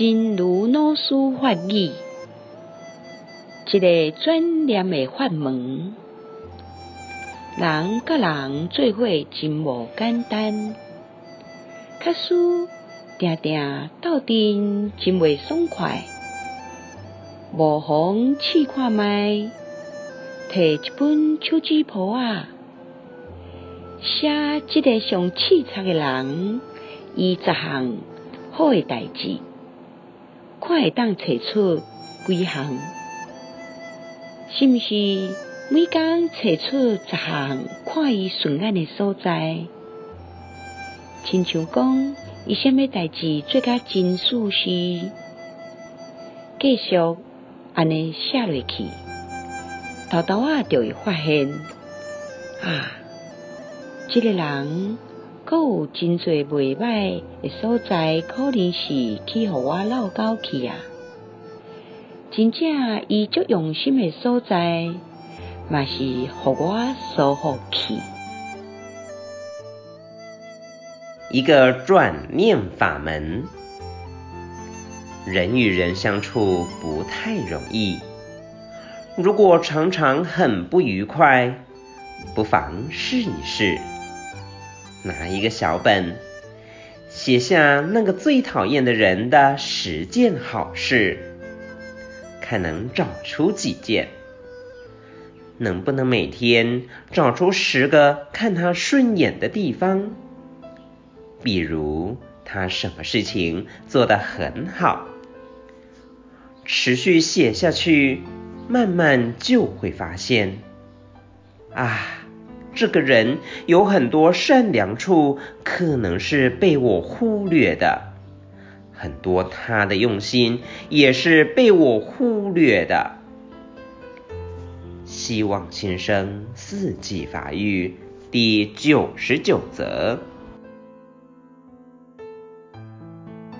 真如老師法語，一個轉念的法門。人甲人做伙真無簡單，卡輸定定斗陣真未爽快。無妨試看覓，摕一本手機簿啊，寫一個上淒慘的人，以十項好個代志。看會當找出幾行，是不是每工找出一行，看伊順眼的所在？親像講，伊啥物代誌做甲真舒適，繼續安尼寫落去，沓沓仔就會發現啊，即、這個人。夠有真儕未歹的所在，可能是去互我鬧交氣啊！真正以足用心的也所在，嘛是互我舒好氣。一個轉念法門，人與人相處不太容易，如果常常很不愉快，不妨試一試。拿一個小本，寫下那個最討厭的人的十件好事，看能找出幾件。能不能每天找出十個看他順眼的地方？比如他什麼事情做得很好。持續寫下去，慢慢就會發現，啊！這個人有很多善良處，可能是被我忽略的，很多他的用心也是被我忽略的。希望新生四季法語第九十九則。